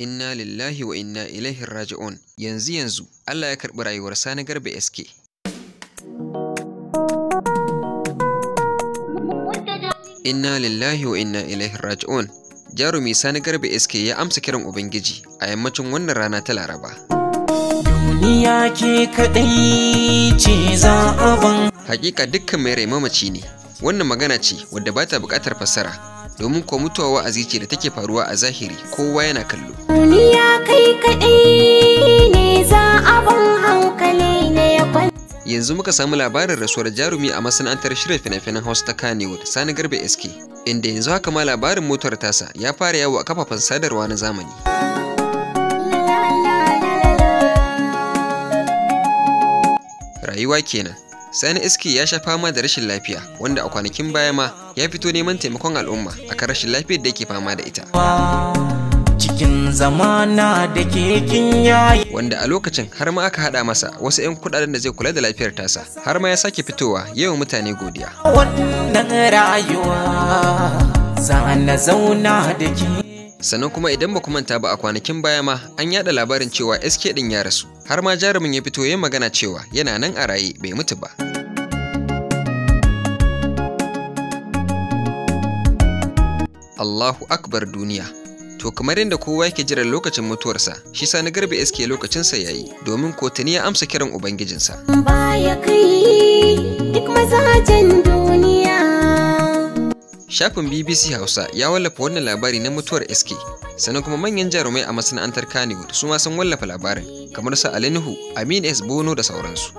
inna lillahi wa inna ilaihi raji'un yanzu yanzu Allah ya karɓi rayuwar Sani Garba SK inna lillahi wa inna ilaihi raji'un jarumi Sani Garba SK ya amsa kiran ubangiji a yammacin wannan rana ta Laraba duniya ke kadai ce za a ban hakika dukkan mai rai mamaci ne wannan magana ce wadda ba ta bukatar fassara domin kuwa mutuwa wa'azi ce da take faruwa a zahiri kowa yana kallo duniya kai kaɗai ne za abin hankali ne yanzu muka samu labarin rasuwar jarumi a masana'antar shirin fina-finan hausa ta kanewood sani garbe sk inda yanzu haka ma labarin motar tasa ya fara yawo a kafafen sadarwa na zamani rayuwa kenan Sani Iski ya sha fama da rashin lafiya wanda a kwanakin baya ma ya fito neman taimakon al'umma a akan rashin lafiyar da ke fama da ita. Cikin zamana da kekin yayi. Wanda a lokacin har ma aka haɗa masa wasu 'yan kuɗaɗen da zai kula da lafiyar tasa har ma ya sake fitowa yawan mutane godiya. Wannan rayuwa zauna da ke. sannan kuma idan ba manta ba a kwanakin baya ma an yada labarin cewa SK din ya rasu har ma jarumin ya fito yin magana cewa yana nan a raye bai mutu ba Allahu akbar duniya to kamar yadda kowa yake jiran lokacin mutuwarsa shi sani garbe SK lokacinsa yayi domin kotuni ya amsa kiran ubangijinsa baya kai duk mazajen Shafin BBC Hausa ya wallafa wannan labari na mutuwar SK, sannan kuma manyan jarumai a masana'antar Kannywood su ma sun wallafa labarin, kamar su Alinuhu, Amin S. Bono da sauransu.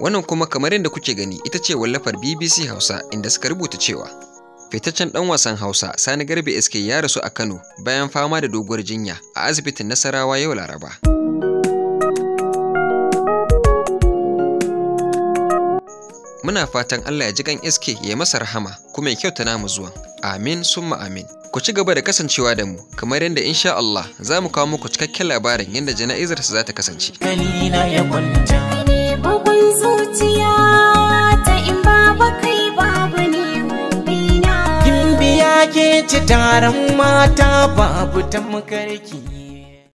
Wannan kuma kamar yadda kuke gani ita ce wallafar BBC Hausa inda suka rubuta cewa fitaccen dan wasan Hausa Sani Garbe SK ya rasu a Kano bayan fama da doguwar jinya a asibitin Nasarawa yau Laraba. Muna fatan Allah ya ji gan iske ya masa rahama kuma ya kyauta namu zuwa, Amin summa amin. Ku ci gaba da kasancewa da mu kamar yadda insha Allah za mu kawo muku cikakken labarin yadda jana'izarsa za ta kasance. Kalina ya kwanta. Ne bugun ke ci taron mata babu ta makarki.